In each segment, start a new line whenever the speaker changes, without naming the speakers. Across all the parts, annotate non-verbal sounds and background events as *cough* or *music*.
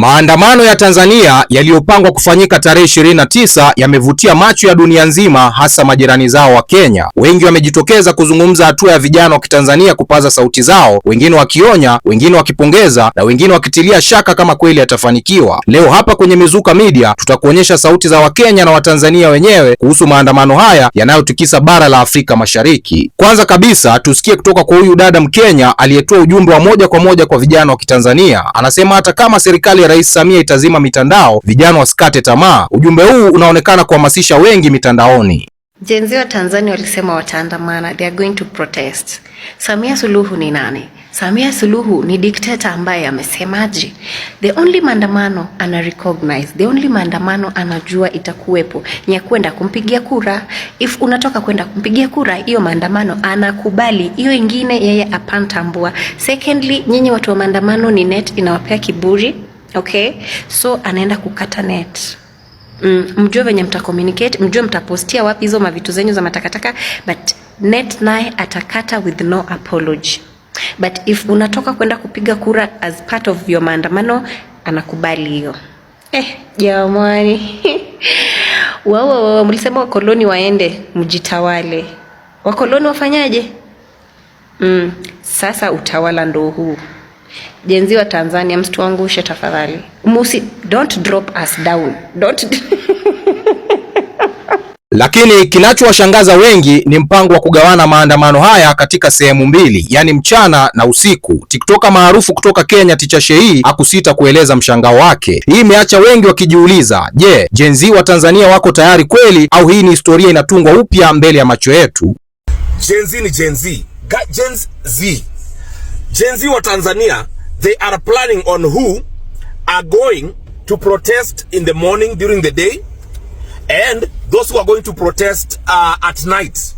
Maandamano ya Tanzania yaliyopangwa kufanyika tarehe 29 yamevutia macho ya dunia nzima, hasa majirani zao wa Kenya. Wengi wamejitokeza kuzungumza hatua ya vijana wa Kitanzania kupaza sauti zao, wengine wakionya, wengine wakipongeza na wengine wakitilia shaka kama kweli atafanikiwa Leo hapa kwenye Mizuka Media tutakuonyesha sauti za Wakenya na Watanzania wenyewe kuhusu maandamano haya yanayotikisa bara la Afrika Mashariki. Kwanza kabisa tusikie kutoka kwa huyu dada Mkenya aliyetoa ujumbe wa moja kwa moja kwa vijana wa Kitanzania. Anasema hata kama serikali Rais Samia itazima mitandao, vijana wasikate tamaa. Ujumbe huu unaonekana kuhamasisha wengi mitandaoni.
Gen Z wa Tanzania walisema wataandamana, they are going to protest. Samia Suluhu ni nani? Samia Suluhu ni dikteta ambaye amesemaje? The only maandamano ana recognize, the only maandamano anajua itakuwepo ni ya kwenda kumpigia kura. If unatoka kwenda kumpigia kura, hiyo maandamano anakubali, hiyo ingine yeye apantambua. Secondly, nyinyi watu wa maandamano ni net inawapea kiburi Okay, so anaenda kukata net. Mm, mjue venye mta communicate, mjue mtapostia wapi hizo mavitu zenyu za matakataka, but net naye atakata with no apology. But if unatoka kwenda kupiga kura as part of your maandamano, anakubali hiyo.
Eh, jamani *laughs* wao wao mlisema wakoloni waende mjitawale, wakoloni wafanyaje?
Mm, sasa utawala ndo huu. Jenzi wa Tanzania, msituangushe tafadhali. Musi, don't drop us down. Don't... *laughs*
Lakini kinachowashangaza wengi ni mpango wa kugawana maandamano haya katika sehemu mbili, yaani mchana na usiku. TikToka maarufu kutoka Kenya Ticha Shei hakusita kueleza mshangao wake. Hii imeacha wengi wakijiuliza, je, Gen Z wa Tanzania wako tayari kweli au hii ni historia inatungwa upya mbele ya macho yetu?
Gen Z ni Gen Z. Gen Z. Gen Z wa Tanzania, they are planning on who are going to protest in the morning during the day and those who are going to protest uh, at night.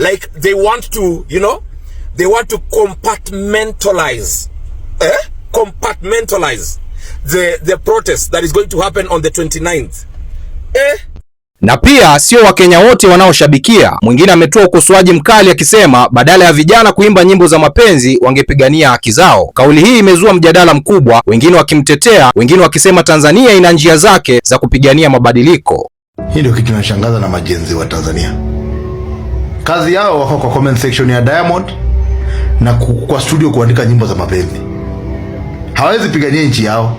Like they want to, you know, they want to compartmentalize, eh? compartmentalize the, the protest that is going to happen on the 29th. Eh?
na pia sio Wakenya wote wanaoshabikia. Mwingine ametoa ukosoaji mkali akisema badala ya vijana kuimba nyimbo za mapenzi wangepigania haki zao. Kauli hii imezua mjadala mkubwa, wengine wakimtetea, wengine wakisema Tanzania ina njia zake za kupigania mabadiliko.
Hii ndio kitu kinashangaza na majenzi wa Tanzania, kazi yao wako kwa comment section ya Diamond na kwa studio kuandika nyimbo za mapenzi, hawawezi pigania nchi yao.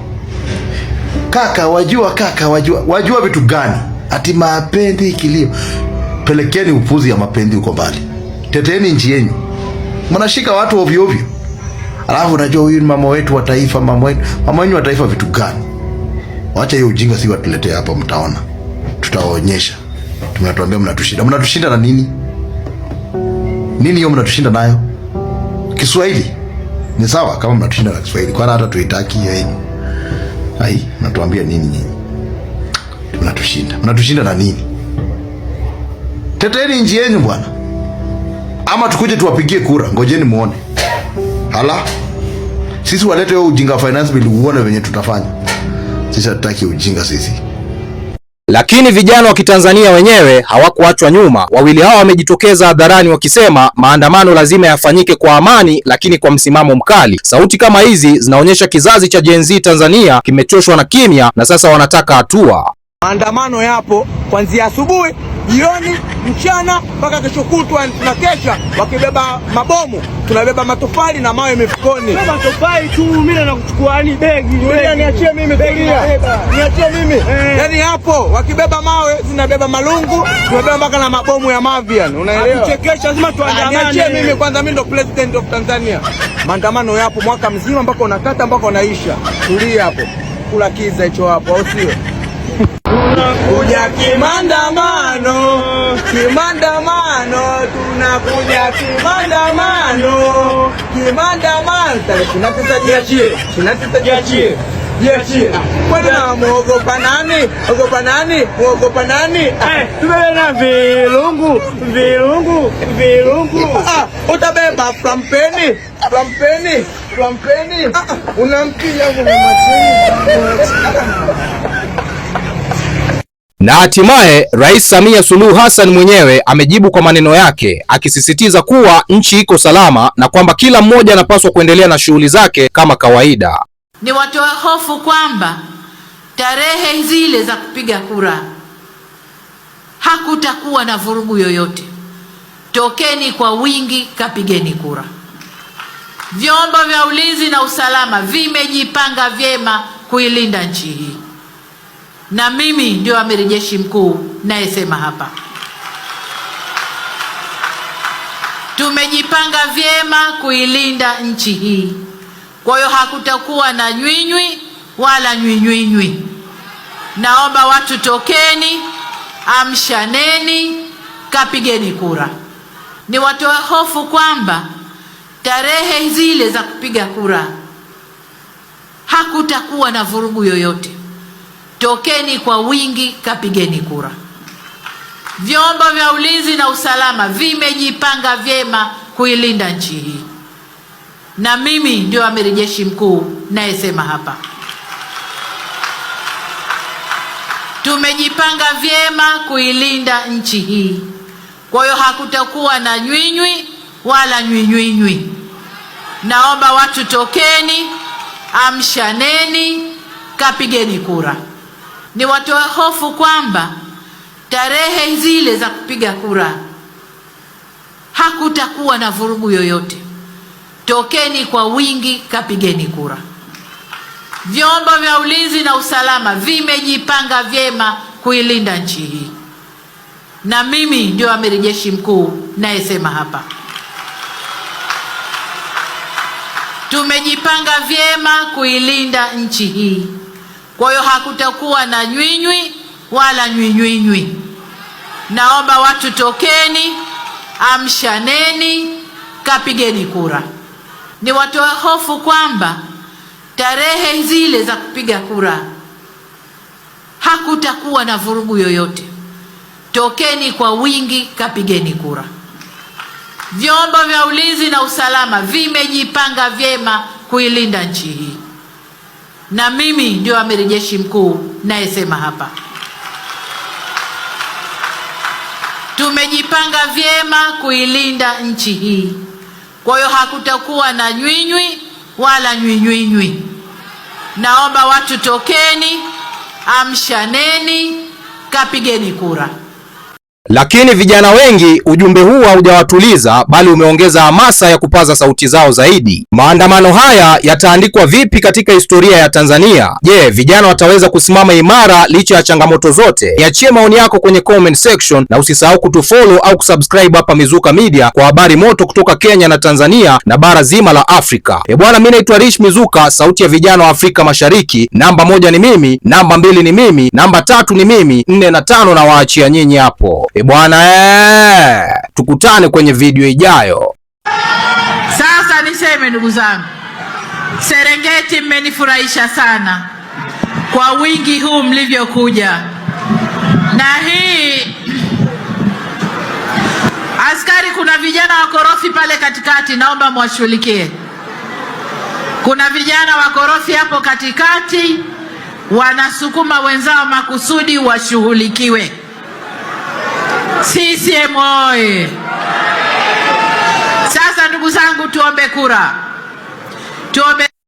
Kaka wajua, kaka wajua, wajua vitu gani? ati mapendi kilio. Pelekeni upuzi ya mapendi uko mbali, teteni nchi yenu, mnashika watu ovyo ovyo. Alafu unajua huyu ni mama wetu wa taifa, mama wetu, mama wenu wa taifa. Vitu gani? Wacha hiyo ujinga, si watuletea hapa, mtaona, tutaonyesha. Tunatuambia mnatushinda, mnatushinda na nini nini? Hiyo mnatushinda nayo Kiswahili ni sawa, kama mnatushinda na Kiswahili, kwani hata tuitaki yenu. Ai, mnatuambia nini nyinyi? mnatushinda. Mnatushinda na nini? Teteni nchi yenu bwana, ama tukuje tuwapigie kura? Ngojeni muone. Hala, sisi walete hiyo ujinga finance bill, uone venye tutafanya sisi. Hatutaki ujinga sisi.
Lakini vijana wa Kitanzania wenyewe hawakuachwa nyuma. Wawili hao wamejitokeza hadharani wakisema maandamano lazima yafanyike kwa amani, lakini kwa msimamo mkali. Sauti kama hizi zinaonyesha kizazi cha Gen Z Tanzania kimechoshwa na kimya na sasa wanataka hatua.
Maandamano yapo kuanzia asubuhi, jioni, mchana mpaka kesho kutwa, tunakesha wakibeba mabomu, tunabeba matofali na mawe mifukoni.
Matofali tu mimi na kuchukua ni begi,
niachie mimi, niachie mimi. Eh. Yani hapo wakibeba mawe, zinabeba malungu, tunabeba mpaka na mabomu ya Mavian, unaelewa?
Kuchekesha, lazima ah, tuandamane.
Niachie mimi kwanza, mimi ndo president of Tanzania. Maandamano yapo mwaka mzima mpaka unakata mpaka unaisha. Tulia hapo, kula kiza hicho hapo, au sio?
tunakuja kimandamano, kimandamano, tunakuja kimandamano, kimandamano, tarehe jiachie, ishirini jiachie jiachie. Kwani mwogopa nani? Ogopa nani? Mwogopa nani? Ah, eh, Tubebe na vilungu, vilungu, vilungu. Ah, utabeba flampeni, flampeni, flampeni, ah, unampiga kwa machini
na hatimaye Rais Samia Suluhu Hassan mwenyewe amejibu kwa maneno yake akisisitiza kuwa nchi iko salama na kwamba kila mmoja anapaswa kuendelea na shughuli zake kama kawaida.
Ni watoe hofu kwamba tarehe zile za kupiga kura hakutakuwa na vurugu yoyote. Tokeni kwa wingi, kapigeni kura. Vyombo vya ulinzi na usalama vimejipanga vyema kuilinda nchi hii na mimi ndio amiri jeshi mkuu nayesema hapa. Tumejipanga vyema kuilinda nchi hii, kwa hiyo hakutakuwa na nywinywi wala nywinywinywi. Naomba watu tokeni, amshaneni, kapigeni kura. Ni watoa hofu kwamba tarehe zile za kupiga kura hakutakuwa na vurugu yoyote tokeni kwa wingi, kapigeni kura. Vyombo vya ulinzi na usalama vimejipanga vyema kuilinda nchi hii, na mimi ndio amiri jeshi mkuu nayesema hapa, tumejipanga vyema kuilinda nchi hii. Kwa hiyo hakutakuwa na nywinywi wala nywinywinywi. Naomba watu tokeni, amshaneni, kapigeni kura ni niwatoe hofu kwamba tarehe zile za kupiga kura hakutakuwa na vurugu yoyote. Tokeni kwa wingi, kapigeni kura. Vyombo vya ulinzi na usalama vimejipanga vyema kuilinda nchi hii, na mimi ndio amiri jeshi mkuu nayesema hapa, tumejipanga vyema kuilinda nchi hii. Kwa hiyo hakutakuwa na nywinywi wala nywinywinywi. Naomba watu tokeni, amshaneni, kapigeni kura. Ni hofu kwamba tarehe zile za kupiga kura hakutakuwa na vurugu yoyote. Tokeni kwa wingi, kapigeni kura. Vyombo vya ulinzi na usalama vimejipanga vyema kuilinda nchi hii na mimi ndio amiri jeshi mkuu nayesema hapa. Tumejipanga vyema kuilinda nchi hii, kwa hiyo hakutakuwa na nywinywi wala nywinywinywi. Naomba watu tokeni, amshaneni, kapigeni kura.
Lakini vijana wengi ujumbe huu haujawatuliza bali umeongeza hamasa ya kupaza sauti zao zaidi. Maandamano haya yataandikwa vipi katika historia ya Tanzania? Je, vijana wataweza kusimama imara licha ya changamoto zote? Niachie maoni yako kwenye comment section na usisahau kutufollow au kusubscribe hapa Mizuka Media kwa habari moto kutoka Kenya na Tanzania na bara zima la Afrika. Eh bwana, mimi naitwa Rich Mizuka, sauti ya vijana wa Afrika Mashariki. Namba moja ni mimi, namba mbili ni mimi, namba tatu ni mimi, nne na tano na waachia nyinyi hapo ebwana bwana ee, tukutane kwenye video ijayo.
Sasa niseme ndugu zangu, Serengeti mmenifurahisha sana kwa wingi huu mlivyokuja, na hii askari, kuna vijana wakorofi pale katikati, naomba mwashughulikie. Kuna vijana wakorofi hapo katikati wanasukuma wenzao makusudi washughulikiwe. CCM oye! Sasa ndugu zangu, tuombe kura, tuombe.